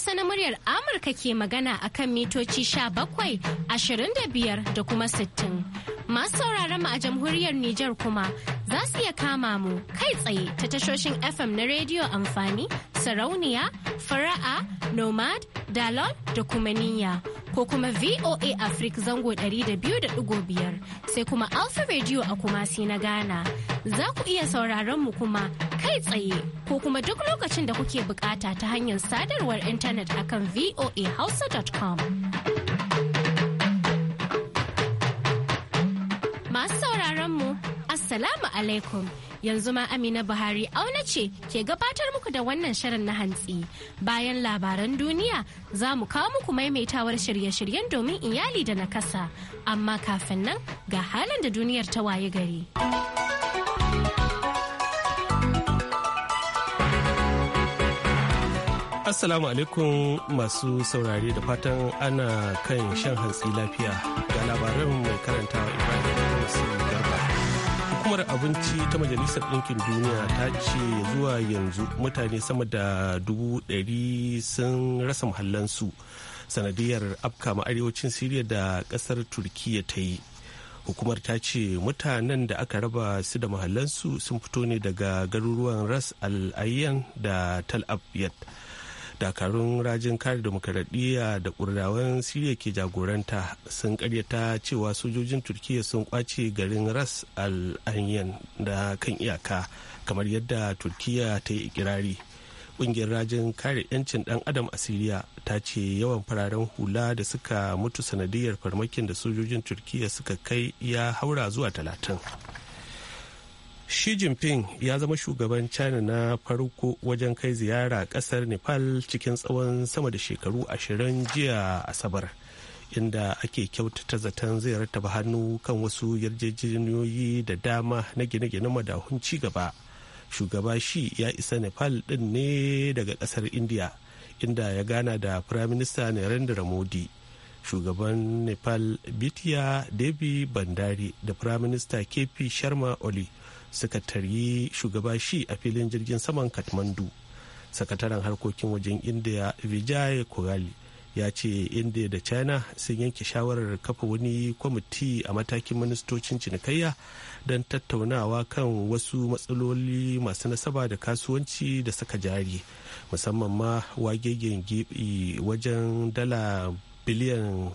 Hausa na muryar Amurka ke magana a kan mitoci bakwai ashirin da biyar da kuma sittin Masu sauraron mu a jamhuriyar Nijar kuma za su iya kama mu kai tsaye ta tashoshin FM na rediyo amfani, sarauniya, fara'a, nomad, dalol da kuma niyya. Ko kuma VOA Africa zango 200.5 sai kuma Alpha Radio a Kumasi na Ghana. Za ku iya sauraron mu kuma kai tsaye ko kuma duk lokacin da kuke bukata ta hanyar sadarwar intanet akan voahausa.com. Masu sauraron mu, Assalamu alaikum. Yanzu ma Amina Buhari auna ce ke gabatar muku da wannan shirin na hantsi. Bayan labaran duniya za mu kawo muku maimaitawar shirye-shiryen domin iyali da nakasa. Amma kafin nan ga halin da duniyar ta waye gari. Assalamu alaikum masu saurare da fatan ana kan shan hantsi lafiya ga labaran mai karanta Ibrahim Garba. Hukumar abinci ta Majalisar Ɗinkin Duniya ta ce zuwa yanzu mutane sama da dubu ɗari sun rasa muhallansu sanadiyar afkama arewacin Siriya da ƙasar turkiya ta yi. hukumar ta ce mutanen da aka raba su da muhallansu sun fito ne daga garuruwan ras al-ayyan da tal abyad dakarun rajin kare demokaradiyya da kurdawan siriya ke jagoranta sun karyata cewa sojojin turkiya sun kwace garin ras al anyan da kan iyaka kamar yadda turkiya ta yi ikirari kungiyar rajin kare 'yancin dan adam a siriya ta ce yawan fararen hula da suka mutu sanadiyar farmakin da sojojin turkiya suka kai ya haura zuwa talatin Xi Jinping ya zama shugaban China na farko wajen kai ziyara kasar Nepal cikin tsawon sama da shekaru ashirin jiya Asabar, inda ake kyautata zaton zai rataba hannu kan wasu yarjejeniyoyi da dama na gine-gine madahun ci gaba. Shugaba shi ya isa Nepal ɗin ne daga ƙasar India, inda ya gana da Firaminista Narendra Modi. Shugaban Nepal Bitiya Devi Bandari da Firaminista KP Sharma Oli. suka tarye shugaba shi a filin jirgin saman katmandu sakataren harkokin wajen india vijay Kogali ya ce india da china sun yanke shawarar kafa wani kwamiti a matakin ministocin cinikayya don tattaunawa kan wasu matsaloli masu nasaba da kasuwanci da saka jari musamman ma wagegen gibi wajen dala biliyan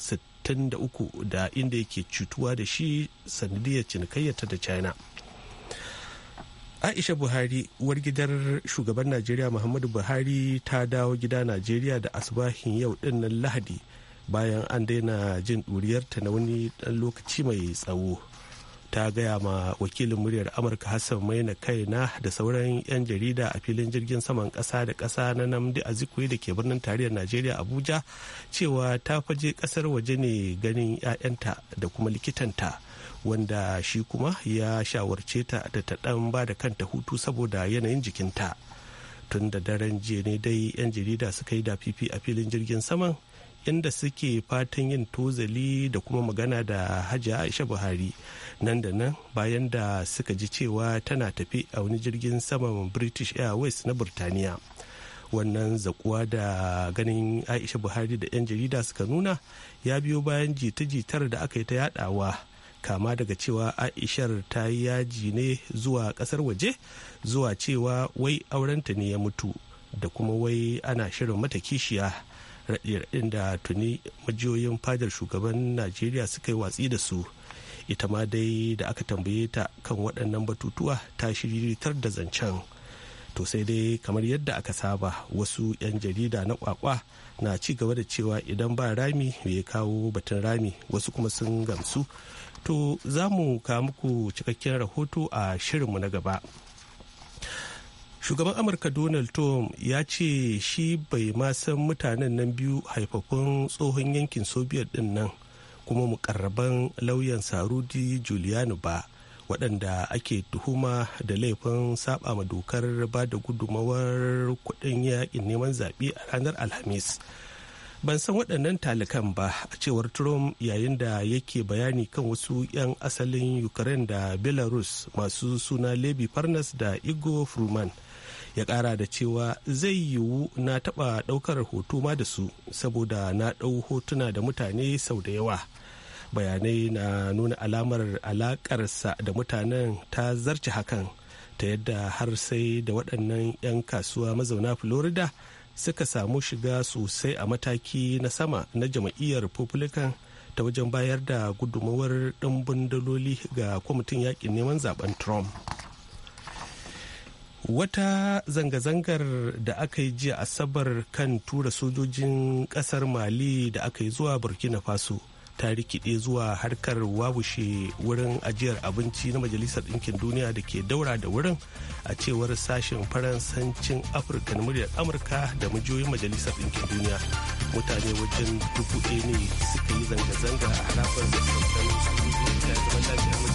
63 da inda yake cutuwa da shi sanadiyar cinikayyata da china aisha buhari uwar gidar shugaban najeriya muhammadu buhari ta dawo gida najeriya da asibahin yau nan lahadi bayan an daina jin ta na wani ɗan lokaci mai tsawo ta gaya ma wakilin muryar amurka hassan maina na da sauran 'yan jarida a filin jirgin saman ƙasa da ƙasa na namdi azikwe da ke birnin tarayyar najeriya abuja cewa ta faje ƙasar waje ne ganin 'ya'yanta da kuma likitanta. wanda shi kuma ya shawarce ta da ta ɗan ba da kanta hutu saboda yanayin jikinta tun da daren jiya ne dai 'yan jarida suka yi da fifi a filin jirgin saman inda suke fatan yin tozali da kuma magana da hajiya aisha buhari nan da nan bayan da suka ji cewa tana tafi a wani jirgin saman british airways na burtaniya wannan zakuwa da ganin aisha buhari da 'yan jarida suka nuna ya biyo bayan jita-jitar da aka yi ta yadawa kama daga cewa aishar ta yi yaji ne zuwa kasar waje zuwa cewa wai aurenta ne ya mutu da kuma wai ana shirin mata kishiya raɗin da tuni majiyoyin fadar shugaban najeriya suka yi watsi da su ita ma dai da aka tambaye ta kan waɗannan batutuwa ta shiritar da zancen to sai dai kamar yadda aka saba wasu 'yan jarida na kwakwa na ci gaba da cewa idan ba rami ya kawo batun rami wasu kuma sun gamsu to za mu ka muku cikakken rahoto a shirinmu na gaba shugaban amurka donald trump ya ce shi bai ma san mutanen nan biyu haifafun tsohon yankin soviet din nan kuma mukarraban lauyan sarudi giuliani ba waɗanda ake tuhuma da laifin saba ma dokar ba da gudumawar kuɗin yaƙin neman zaɓe a ranar alhamis ban san waɗannan talikan ba a cewar trump yayin da yake bayani kan wasu 'yan asalin ukraine da belarus masu suna levi parnas da igor fruman ya ƙara da cewa zai yiwu na taɓa ɗaukar hoto ma da su saboda na ɗau hotuna da mutane sau da yawa bayanai na nuna alamar alaƙarsa da mutanen ta zarce hakan ta yadda har sai da waɗannan 'yan kasuwa mazauna florida suka samu shiga sosai a mataki na sama na jam'iyyar republican ta wajen bayar da gudunmawar ɗimbin daloli ga kwamitin yaƙin neman zaben trump wata zanga-zangar da aka yi jiya asabar kan tura sojojin ƙasar mali da aka yi zuwa burkina faso ta rikide zuwa harkar wabushe wurin ajiyar abinci na majalisar ɗinkin duniya da ke daura da wurin a cewar sashen faransancin afirka na muryar amurka da majiyoyin majalisar ɗinkin duniya mutane wajen dubu ne suka yi zanga-zanga a harafar da zama lafiya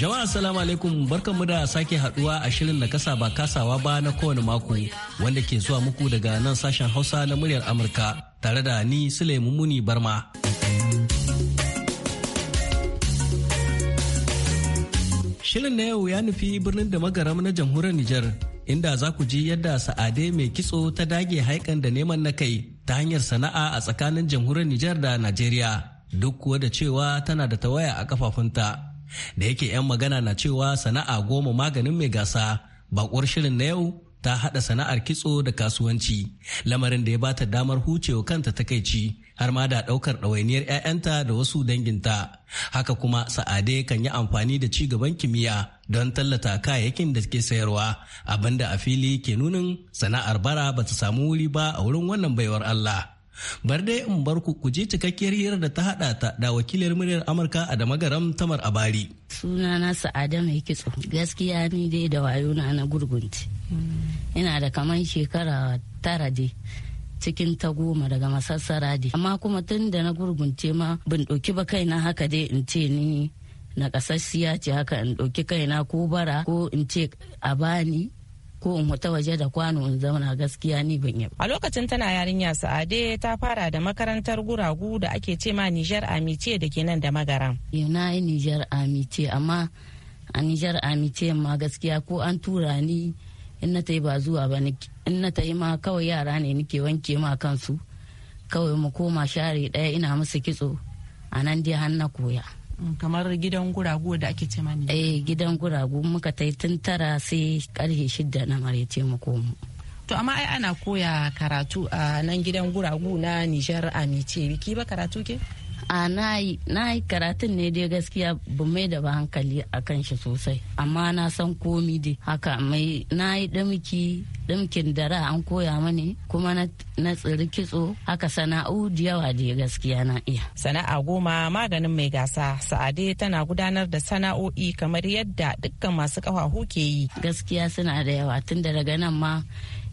Jama'a salamu alaikum mu da sake haduwa a shirin na kasa ba kasawa ba na kowane mako wanda ke zuwa muku daga nan sashen Hausa na muryar Amurka tare da ni Suleiman Muni Barma. Shirin na yau ya nufi birnin da magaram na jamhuriyar Nijar inda za ku ji yadda sa'ade mai kitso ta dage haikan da neman na kai ta hanyar sana'a a tsakanin jamhuriyar Nijar da Najeriya duk kuwa da cewa tana da tawaya a kafafunta. da yake 'yan magana na cewa sana'a goma maganin mai gasa bakwar shirin na yau ta haɗa sana'ar kitso da kasuwanci lamarin da ya bata damar hucewa kanta takaici har ma da ɗaukar ɗawainiyar 'ya'yanta da wasu danginta haka kuma sa'ade kan yi amfani da ci gaban kimiyya don tallata kayayyakin da ke sayarwa abinda a fili ke nunin sana'ar bara bata samu wuri ba a wurin wannan baiwar Allah bar dai in bar ku je cikakkiyar hirar da ta hada ta da wakiliyar muryar amurka a damagaram tamar abari sunana sa'ada mai kitso gaskiya ni dai da wayona na na gurgunti ina da kamar shekara tara dai cikin ta goma daga masassara dai amma kuma tun da na gurgunce ma bin ɗauki ba kaina haka dai in ce ni na kasassiya ce haka in ɗauki kaina ko bara ko in ce a bani ko in wata waje da kwano in zauna gaskiya ni ban yi a lokacin tana yarinya sa'ade ta fara da makarantar guragu da ake ce ma nijar amice da ke nan da magaran eh, na yi nijar amice amma a nijar amice ma gaskiya ko an tura ni in na ta yi ba zuwa ba in na ta yi ma kawai yara ne nike wanke ma kansu kawai mu koma share daya ina musu kitso a nan dai har na koya kamar gidan guragu da ake ce mani eh gidan guragu muka ta tun tara sai karfe shidda na marece mu to amma ai ana koya karatu a nan gidan guragu na Nijar a Mice biki ba karatu ke a na yi karatun ne dai gaskiya ba mai da ba hankali a kan shi sosai amma na san komi dai haka mai na yi damiki damkin dara an koya mani kuma na tsiri kitso haka sana'u da yawa dai gaskiya na iya sana'a goma maganin mai gasa sa'ade tana gudanar da sana'o'i kamar yadda dukkan masu kafahu ke yi gaskiya suna da yawa tun da daga nan ma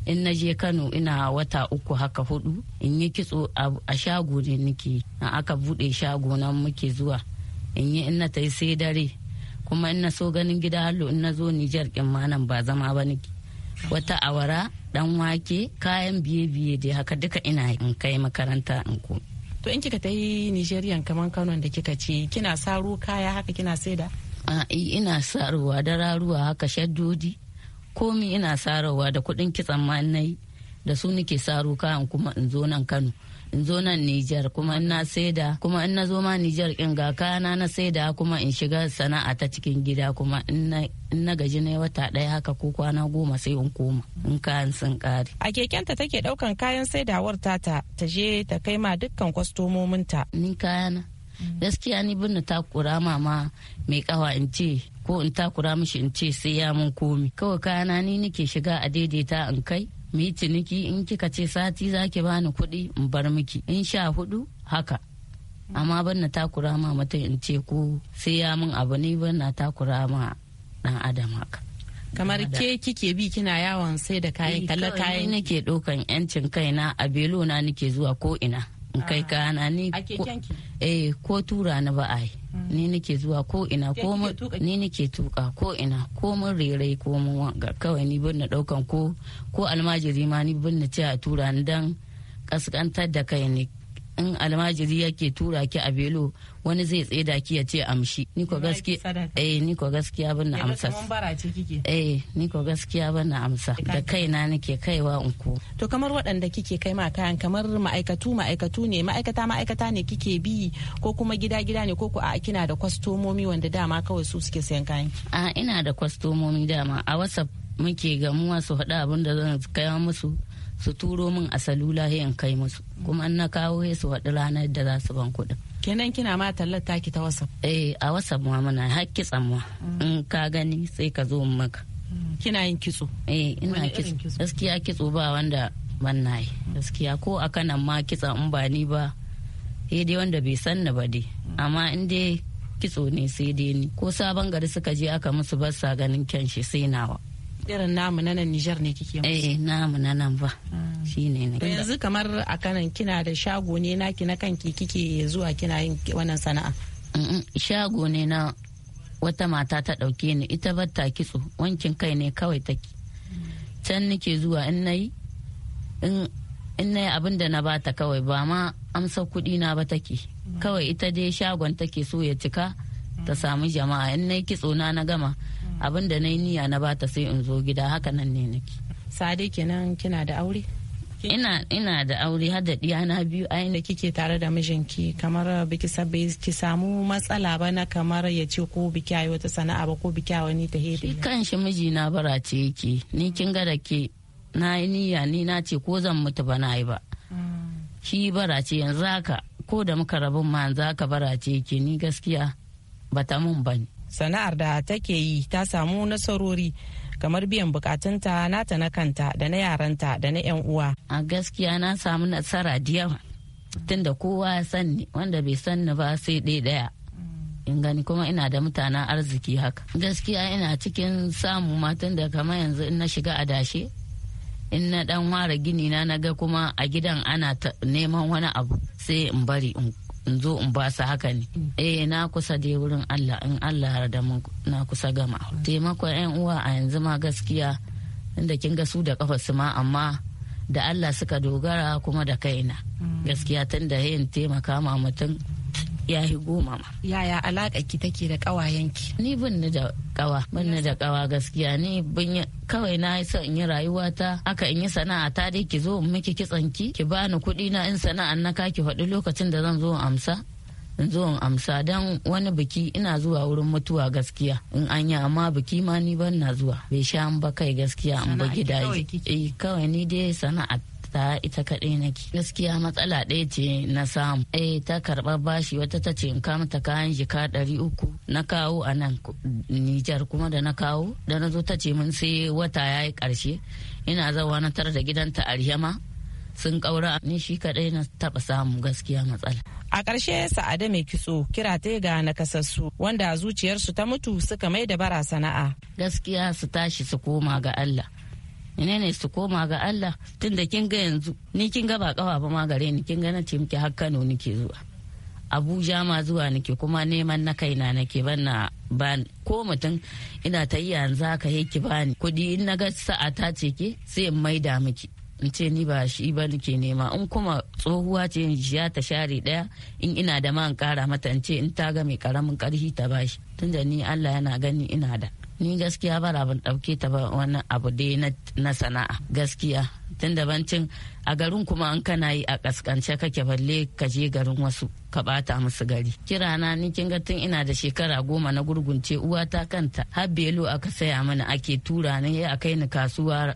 in na je kano ina wata uku haka hudu in yi kitso a shago ne nake na aka bude shago nan muke zuwa in yi ina ta ta sai dare kuma ina so ganin gida hallo in na zo nijar kin ma nan ba zama ba nake wata awara dan wake kayan biye-biye dai haka duka ina in kai makaranta in ko to in kika ta yi nijeriyan kamar kano da kika ce kina saro kaya haka kina saida eh, ina sarowa da raruwa haka shaddodi komi ina sarawa da kuɗin kitsan ma da su nake saro kayan kuma in zo nan Kano in zo nan Nijar kuma in na saida kuma in na zo ma Nijar in ga kana na saida kuma in shiga sana'a ta cikin gida kuma in na gaji na wata ɗaya haka ko kwana goma sai in koma in kayan sun kare. A kekenta take ɗaukan kayan saidawar tata ta je ta kai ma dukkan kwastomominta. Ni kayana. Gaskiya ni bin ta kura mama mai kawa in ce ko in takura mishi in ce sai ya mun komi kawai kana ni nake shiga a daidaita in kai mu yi ciniki in kika ce sati zaki bani kuɗi in bar miki in sha hudu haka amma ban na takura ma mutum in ce ko sai ya mun abu ne ban na takura ma dan adam haka kamar ke kike bi kina yawon sai da kayan kallon eh, kayan nake ɗaukan yancin kaina a belo na nake zuwa ko ina in kai ah. ana ni eh ko tura ni ba ai hmm. ni nake zuwa ko ina ko ni nake tuka ko ina ko mun rere ko mun wanga kawai ni bin na daukan ko ko almajiri ma ni bin na ce a tura ni dan kaskantar da kai ne in almajiri yake tura ki a belo wani zai tseda ki ya ce amshi ni gaskiya eh, eh ni ko gaskiya ban na amsa eh ni gaskiya ban na amsa da kaina nake kaiwa in to kamar waɗanda kike kai ma kayan kamar ma'aikatu ma'aikatu ne ma'aikata ma'aikata ne kike bi ko kuma gida gida ne ko ku a kina da kwastomomi wanda dama kawai su suke sayan kayan a ina da kwastomomi dama a whatsapp muke gamuwa su hada abin da zan kaya musu su turo min a salula in kai musu kuma na kawo su waɗi ranar da za su ban kuɗin kenan kina ma tallar ki ta wasa eh a wasa ma muna hakki tsamma ma mm. in ka gani sai ka zo maka mm. kina yin kitso eh ina kitso gaskiya kitso ba wanda ban na yi mm. gaskiya ko a kanan ma kitsa in ba ni ba sai dai wanda bai san ni ba dai amma in dai kitso ne sai dai ni ko sabon gari suka je aka musu basa ganin kyan shi sai nawa irin namu na nan Nijar ne kike musu eh namu na nan ba ah. shi ne yanzu kamar a kanan kina da shago ne naki na kanki kike zuwa kina yin wannan sana'a shago ne na wata mata ta dauke ni ita batta kitso wankin kai ne kawai take can nake zuwa in nayi in nayi abin da na bata kawai ba ma amsa kuɗi na ba take mm. kawai ita dai shagon take so ya cika ta samu jama'a in na yi kitso na na gama abin da na yi niyya na bata sai in zo gida haka nan ne nake sade kenan kina da aure ina ina da aure har da diyana biyu ayin da kike tare da mijinki kamar biki sabbi ki samu matsala ba na kamar ya ce ko biki ayi wata sana'a ba ko biki wani ta hedi shi kanshi miji na bara ce yake ni kin ga da ke na yi niyya ni na ce ko zan mutu ba na yi ba shi bara ce yanzu haka ko da muka rabin ma yanzu haka bara ce yake ni gaskiya bata mun bane sana'ar da take yi ta samu nasarori kamar biyan bukatunta nata na kanta da na yaranta da na 'yan uwa. A gaskiya na samu nasara da yawa tunda kowa ya sanni wanda bai sanni ba sai ɗaya ɗaya. In gani kuma ina da mutanen arziki haka. Gaskiya ina cikin samu matan da kamar yanzu in na shiga adashe in na dan ware gini na na ga kuma a gidan ana neman wani abu sai in bari in in zo in ba su haka ne eh na kusa dai wurin Allah in Allah har da mun na kusa gama taimakon yan uwa a yanzu ma gaskiya inda kin ga su da kafa su ma amma da Allah suka dogara kuma da kaina gaskiya tun da yin taimaka ma mutum ya yi goma ma. Yaya alaƙa ki take da ƙawayenki? Ni bin ni da ƙawa, bin ni da ƙawa gaskiya ni bin kawai na yi son in yi rayuwata haka in yi sana'a ta dai ki zo in miki kitson ki ki bani kuɗi na in sana'an na ka ki faɗi lokacin da zan zo in amsa. in zo in amsa don wani biki ina zuwa wurin mutuwa gaskiya in an yi amma biki ma ni ban na zuwa bai sha an ba kai gaskiya an ba gidaje eh, kawai ni dai sana'a ta ita kaɗai nake gaskiya matsala ɗaya ce na samu eh ta karɓa bashi wata ta ce kama kayan jika ɗari uku na kawo a nan nijar kuma da na kawo da na zo ta ce mun sai wata ya yi ƙarshe ina zawa na tara da gidanta a rihama sun ƙaura ni shi kaɗai na taɓa samu gaskiya matsala a ƙarshe sa'ada mai kitso kira ta ga nakasassu wanda zuciyarsu ta mutu suka mai da bara sana'a gaskiya su tashi su koma ga allah menene su koma ga Allah tun da kin ga yanzu ni kin ga ba kawa ba ma gare ni kin ga na ce muke har Kano nake zuwa Abuja ma zuwa nake kuma neman na kaina nake na ba ko mutum ina ta yi yanzu haka yake bani kudi in na ga sa'a ta ce ke sai in maida miki in ce ni ba shi ba nake nema in kuma tsohuwa ce in ya ta share daya in ina da man kara mata in ce in ta ga mai karamin karhi ta bashi tunda ni Allah yana gani ina da ni gaskiya ba da ban ɗauke ta ba wani abu dai na sana'a gaskiya tun da bancin a garin kuma an kana yi a kaskance kake balle ka je garin wasu ka bata musu gari kira na ni kin ga tun ina da shekara goma na gurgunce uwa uwata kanta har belo aka saya mana ake tura ni a kai ni kasuwa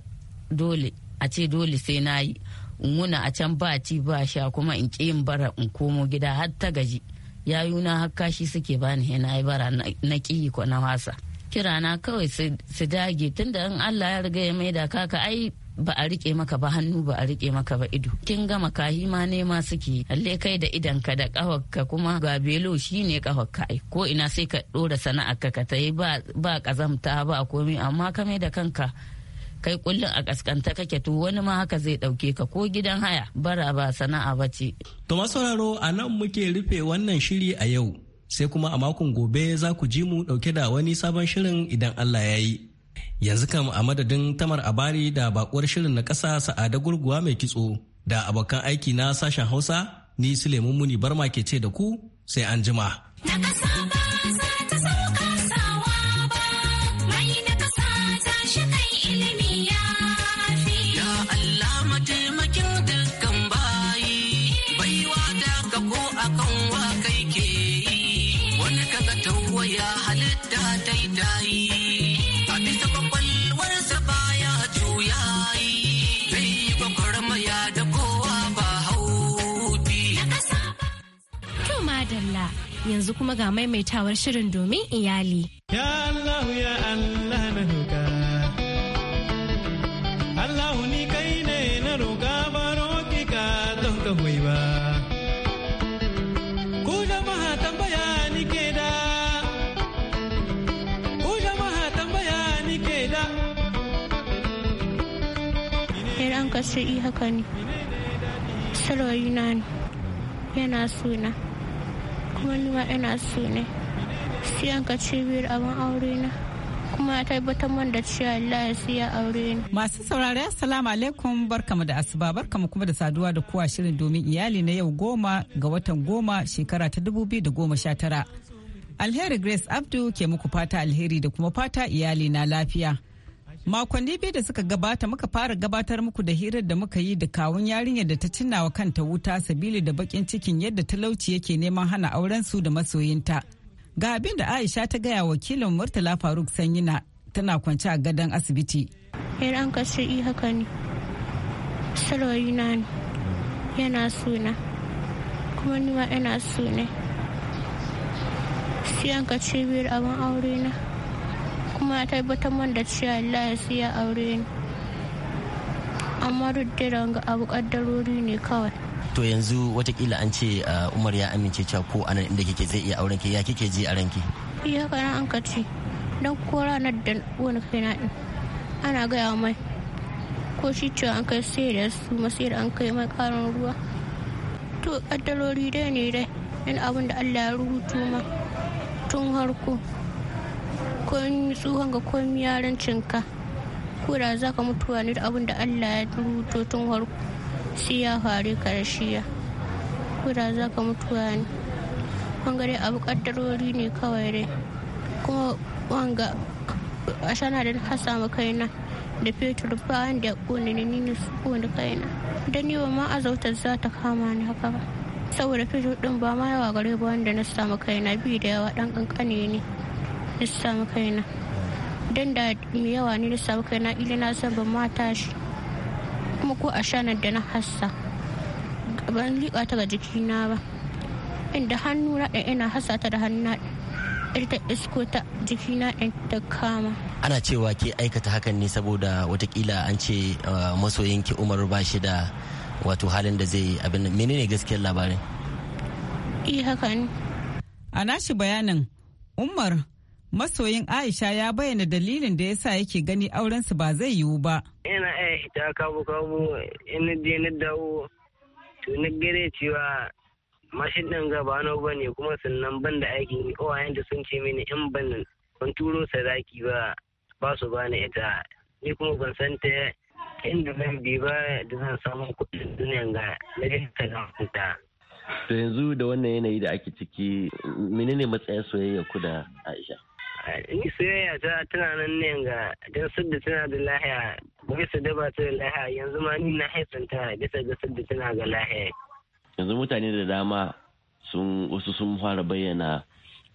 dole a ce dole sai na yi muna a can ba ci ba sha kuma in ƙi yin bara in komo gida har ta gaji yayuna har kashi suke bani na yi bara na ƙi ko na wasa kirana kawai su dage tunda in Allah ya riga ya maida kaka ai ba a rike maka ba hannu ba a rike maka ba ido kin gama kahi ma nema suke alle kai da idanka da kahokka kuma ga belo shine kahokka ai ko ina sai ka dora sana'a ka tayi ba ba kazamta ba komai amma ka mai da kanka kai kullum a kaskanta kake to wani ma haka zai dauke ka ko gidan haya bara ba sana'a bace to masauraro a nan muke rufe wannan shiri a yau sai kuma a makon gobe za ku ji mu ɗauke da wani sabon shirin idan Allah ya yi. Yanzu kam a madadin tamar abari da bakuwar shirin na ƙasa sa'ada gurguwa mai kitso da abokan aiki na sashen Hausa ni Suleiman Muni Barma ke ce da ku sai an jima. Na yanzu kuma ga maimaitawar shirin domin iyali. Ya Allah ya Allah na roƙa. Allah ni kai ne na roƙa ba roƙi ka don ka ba. Ku jama'a tambaya ni ke da. Ku jama'a tambaya ni ke da. Yar an kasu i haka ne. Sarwayi na ne. Yana suna. wani ma ina so ne siyan ka cibiyar abin aure na kuma ya tabbatar man da cewa Allah ya siya aure ni. Masu saurari assalamu alaikum barkamu da asuba barkamu kuma da saduwa da kowa shirin domin iyali na yau goma ga watan goma shekara ta dubu biyu da goma sha tara. Alheri Grace Abdu ke muku fata alheri da kuma fata iyali na lafiya. Makonni biyu da suka gabata muka fara gabatar muku da hirar da muka yi da kawun yarinyar da ta cinna wa kanta wuta sabili da bakin cikin yadda talauci yake neman hana auren su da masoyinta. Ga abin da Aisha ta gaya wakilin Murtala Faruk Sanyina tana kwance a gadon asibiti. Yar an kashe Yana suna. Kuma ni ma yana suna. Sai an biyar abin aure na. kuma ya tabbatar man da cewa Allah ya siya aure ni amma duk da ga abu kaddarori ne kawai to yanzu watakila an ce uh, umar ya amince cewa ko anan inda kike zai iya auren ki ya kike ji a ranki iya kana an ka ce dan ko ranar da wani kaina din ana gaya mai ko shi ce an kai sai su masu da an kai mai karin ruwa to kaddarori dai ne dai in abin da Allah ya rubuto ma tun harko komi tsohon ga komi yarancinka ko da za ka mutuwa ne da abin da allah ya rubuto tun harko sai ya faru karshiya ko da za ka mutuwa ne dai abu kaddarori ne kawai dai kuma wanga a shana da na samu kaina da fetur bayan da ya kone ni nini su kone kaina don yi wa ma azautar za ta kama ni haka ba saboda fetur din ba ma yawa gare ba wanda na samu kaina bi da yawa dan kankane ne na kaina don da mai yawa ne na samu kaina ila na san ban ma tashi kuma ko a shanar da na hassa ban liƙa ta ga jikina ba inda hannu na ɗan ina hasa ta da hannu na ita isko ta jikina ɗan ta kama ana cewa ke aikata hakan ne saboda watakila an ce uh, masoyinki umaru ba shi da wato halin da zai abin menene gaskiyar labarin i eh, haka ne a nashi bayanin umar masoyin Aisha ya bayyana dalilin da ya sa yake gani aurensu ba zai yiwu ba. Ina aya ita kabu kabu ina je na dawo to gare cewa mashin ɗin gaba na ba ne kuma sannan ban da aikin kawayen da sun ce mini in ban ban turo sadaki ba ba su ba ni ita ni kuma ban san ta inda zan bi ba da zan samu kuɗin duniyan ga na ta ga To yanzu da wannan yanayi da ake ciki menene matsayin soyayya ku da Aisha? ni soyayya ta tana nan ne ga don sadda tana da lahiya bisa da ba ta da lahiya yanzu ma ni na haifanta bisa ga sadda tana ga lahiya. Yanzu mutane da dama sun wasu sun fara bayyana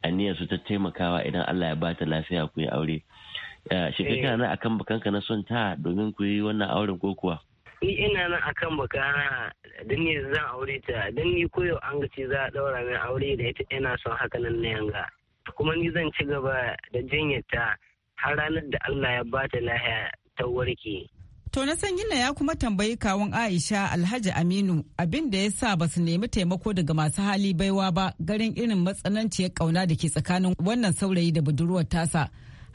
aniyar su ta taimakawa idan Allah ya bata lafiya ku yi aure. Shekar eh. kana nan akan bakanka na son ta domin ku yi wannan auren ko kuwa? Ni ina nan akan bakana don ne zan aure ta don ni koyo an gaci za a ɗaura min aure da ita ina son haka nan na yanga. kuma ni zan ci gaba da jinyata har ranar da Allah ya bata lahiya ta warke. To na san yinna ya kuma tambayi kawun Aisha Alhaji Aminu abin da ya sa ba su nemi taimako daga masu hali baiwa ba garin irin matsananciyar kauna da ke tsakanin wannan saurayi da budurwar tasa.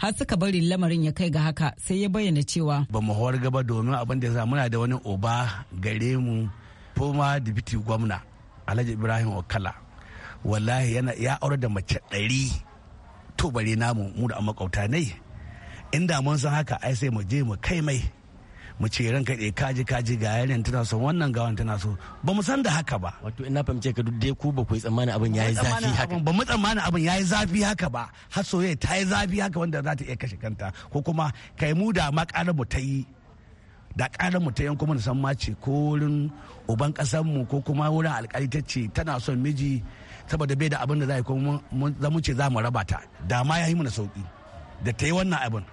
har suka bari lamarin ya kai ga haka sai ya bayyana cewa ba mu hawar gaba domin abin da ya muna da wani oba gare mu foma biti gwamna alhaji ibrahim okala wallahi yana ya aure da mace ɗari to bare namu mu da makauta ne inda mun san haka ai sai mu je mu kai mai mu ce ranka ɗaya kaji kaji ga yaren tana so wannan ga wannan tana so ba mu san da haka ba wato ina fahimce ka duk dai ku ba ku yi tsammanin abin yayi zafi haka ba mu tsammanin abin yayi zafi haka ba har soyayya ta yi zafi haka wanda za ta iya kashe kanta ko kuma kai mu da ma ƙara mu ta yi da ƙara mu ta yanko mu san ma ce ko wurin uban ƙasar mu ko kuma wurin alƙali ta ce tana son miji saboda bai da abin da za a yi kuma mun ce za mu raba ta da ma ya yi mana sauki da ta yi wannan abin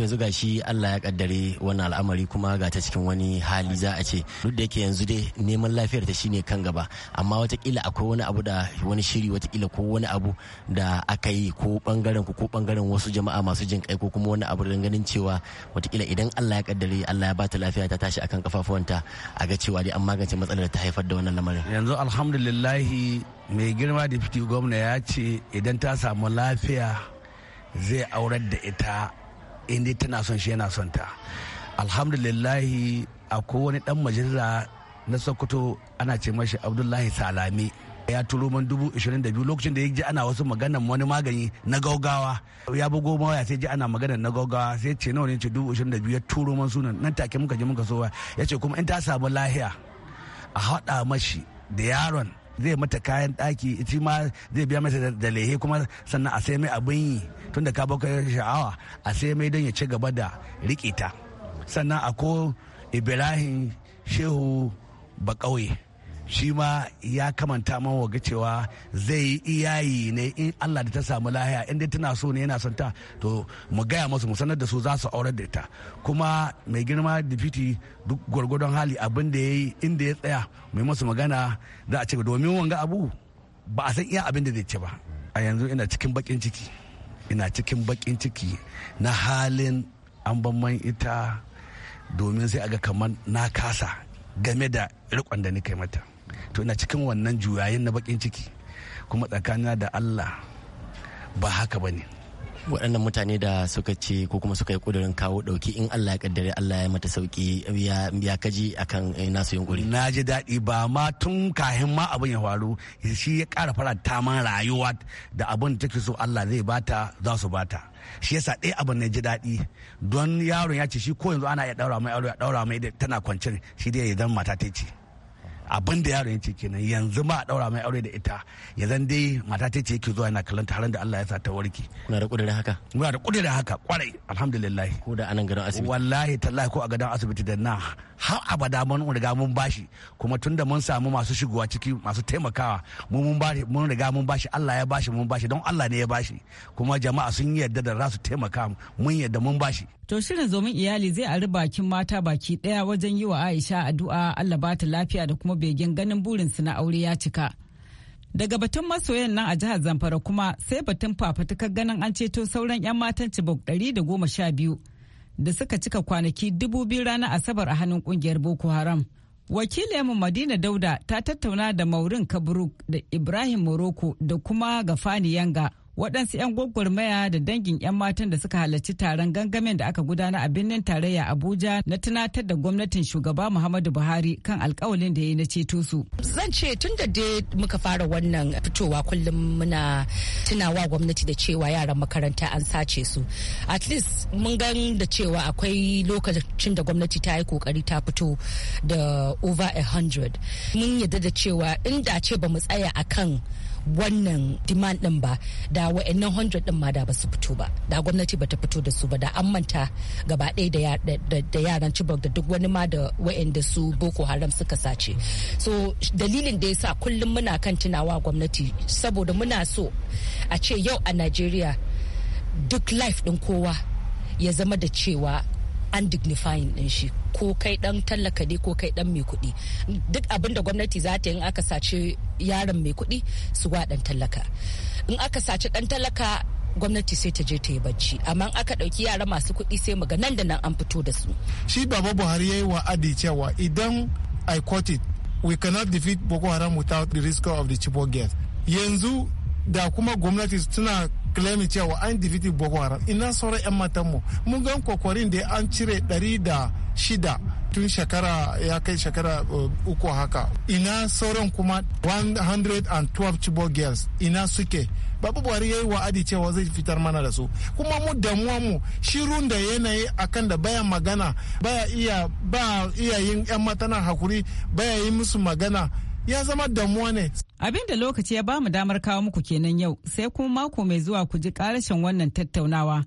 to yanzu gashi Allah ya kaddare wannan al'amari kuma ga ta cikin wani hali za a ce duk da yake yanzu dai neman lafiyar ta shine kan gaba amma watakila akwai wani abu da wani shiri watakila ko wani abu da aka yi ko bangaren ku ko bangaren wasu jama'a masu jin kai ko kuma wani abu da ganin cewa watakila idan Allah ya kaddare Allah ya bata lafiya ta tashi akan kafafuwanta a ga cewa dai an magance matsalar ta haifar da wannan lamarin yanzu alhamdulillahi mai girma deputy gwamna ya ce idan ta samu lafiya zai aurar da ita in dai tana son shi yana son ta alhamdulillahi akwai wani dan majalisa na sokoto ana ce mashi abdullahi salami ya turo man dubu ishirin da biyu lokacin da ya ji ana wasu maganan wani magani na gaugawa ya bugo goma ya sai ji ana magana na gaugawa sai ce nawa ne ce dubu ishirin da biyu ya turo man sunan nan take muka je muka sowa ya ce kuma in ta samu lahiya a haɗa mashi da yaron zai mata kayan ɗaki ita ma zai biya mata da lehe kuma sannan a sai mai abin yi tun da kabo kai sha'awa a sai mai don ya ci gaba da rikita sannan a ibrahim shehu ba shi ma ya kamanta man waga cewa zai yi iyayi ne in Allah da ta samu lahiya inda tana so ne yana son ta to mu gaya masu mu sanar da su za su aurar da ita kuma mai girma dipiti duk gwargwadon hali abin da ya yi inda ya tsaya mai masu magana za a ce domin wanga abu ba a san iya abin da zai ce ba a yanzu ina cikin bakin ciki ina cikin bakin ciki na halin an ban ita domin sai aga kamar na kasa game da rikon da ni kai mata to ina cikin wannan juyayen na bakin ciki kuma tsakanina da allah ba haka ba ne waɗannan mutane da suka ce ko kuma suka yi ƙudurin kawo ɗauki in allah ya ƙaddare allah ya mata sauki ya kaji akan eh, nasu yunƙuri. na ji daɗi ba ma tun kahin ma abin ya faru shi ya ƙara faranta man rayuwa da abin da take so allah zai bata za su bata shi yasa ɗaya abin na ji daɗi don yaron ya ce shi ko yanzu ana iya ɗaura mai aure ya ɗaura mai tana kwancin shi dai ya zama mata ta ce abin da yaron yake kenan yanzu ma a daura mai aure da ita ya zan dai mata ta ce yake zuwa yana kallon taron da Allah ya sa ta warke kuna da kudirin haka muna da kudirin haka kwarai alhamdulillah ko da anan gidan asibiti wallahi tallahi ko a gidan asibiti da na har abada mun riga mun bashi kuma tunda mun samu masu shigowa ciki masu taimakawa mun mun bashi mun riga mun bashi Allah ya bashi mun bashi don Allah ne ya bashi kuma jama'a sun yarda da za su taimaka mun yarda mun bashi To shirin zomin iyali zai ari bakin mata baki ɗaya wajen yi wa Aisha addu'a Allah ba ta lafiya da kuma begen ganin burinsu na aure ya cika. Daga batun masoyan nan a jihar Zamfara kuma sai batun fafatukar ganin an ceto sauran 'yan matan Chibok ɗari da goma sha biyu da suka cika kwanaki dubu biyu rana Asabar a hannun kungiyar Boko Haram. Wakilinmu Madina Dauda ta tattauna da Maurin Kabruk da Ibrahim Moroko da kuma Gafani Yanga waɗansu 'yan gwagwarmaya da dangin 'yan matan da suka halarci taron gangamin da aka gudana a birnin tarayya abuja na tunatar da gwamnatin shugaba muhammadu buhari kan alkawalin da ya yi na ceto su zan ce tun da dai muka fara wannan fitowa kullum muna tunawa gwamnati da cewa yaran makaranta an sace su at least mun gan da cewa akwai lokacin da gwamnati ta yi kokari ta fito da over a hundred mun yadda da cewa inda ce ba mu tsaya akan wannan demand din ba da wa'annan 100 din ma da ba su fito ba da gwamnati ba ta fito da su ba da an manta gaba ɗaya da yaran cibar da duk wani ma da wa'anda su Boko Haram suka sace so dalilin da ya sa kullum muna kan tunawa gwamnati saboda muna so a ce yau a Najeriya duk life din kowa ya zama da cewa undignifying din shi ko kai dan tallaka ne ko kai dan mai kuɗi duk abin da gwamnati za ta yi in aka sace yaron mai kuɗi su wa dan tallaka in aka sace dan tallaka gwamnati sai ta je ta yi bacci amma in aka ɗauki yara masu kuɗi sai mu ga nan da nan an fito da su shi baba buhari ya yi wa'adi cewa idan i quote it we cannot defeat boko haram without the risk of the chibok girls yanzu da kuma gwamnati suna claim cewa an defeated Boko Haram ina sauran 'yan matan mu mun gan kokarin da an cire da shida tun shekara ya kai shekara uh, uku haka ina sauran kuma 112 Chibok girls ina suke babu buhari ya yi wa'adi cewa zai fitar mana da su kuma mu damuwa mu shirun da yanayi akan da baya magana baya iya ba yan matana hakuri baya yi musu magana ya zama damuwa ne. Abin da lokaci ya bamu damar kawo muku kenan yau sai kuma mako mai zuwa ku ji karashin wannan tattaunawa.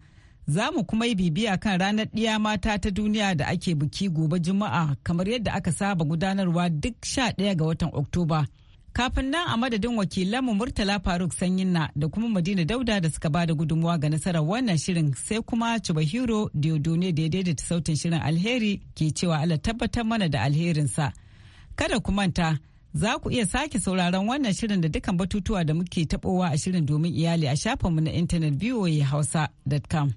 Za mu kuma yi bibiya kan ranar ɗiya mata ta duniya da ake biki gobe Juma'a kamar yadda aka saba gudanarwa duk sha ɗaya ga watan Oktoba. Kafin nan a madadin wakilanmu Murtala Faruk Sanyinna da kuma Madina Dauda da suka bada gudunmuwa ga nasarar wannan shirin sai kuma Chubahiro Diodone da ya daidaita sautin shirin alheri ke cewa Allah tabbatar mana da alherinsa. Kada ku manta Za ku iya sake sauraron wannan shirin da dukkan batutuwa da muke tabowa a shirin domin iyali a shafinmu na intanet hausa.com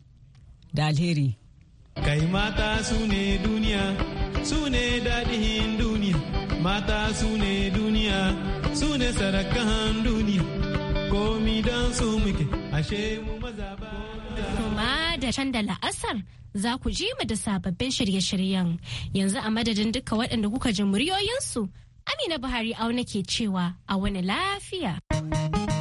Da alheri. Kai mata su ne duniya, su ne daɗin duniya, mata su ne duniya, su ne sarakan duniya, komi don su muke, ashe mu maza ba. Kuma da can da la'asar za ku ji mu da sababbin shirye-shiryen yanzu a madadin duka waɗanda kuka ji muryoyinsu. Amina Buhari au nake cewa a wani lafiya.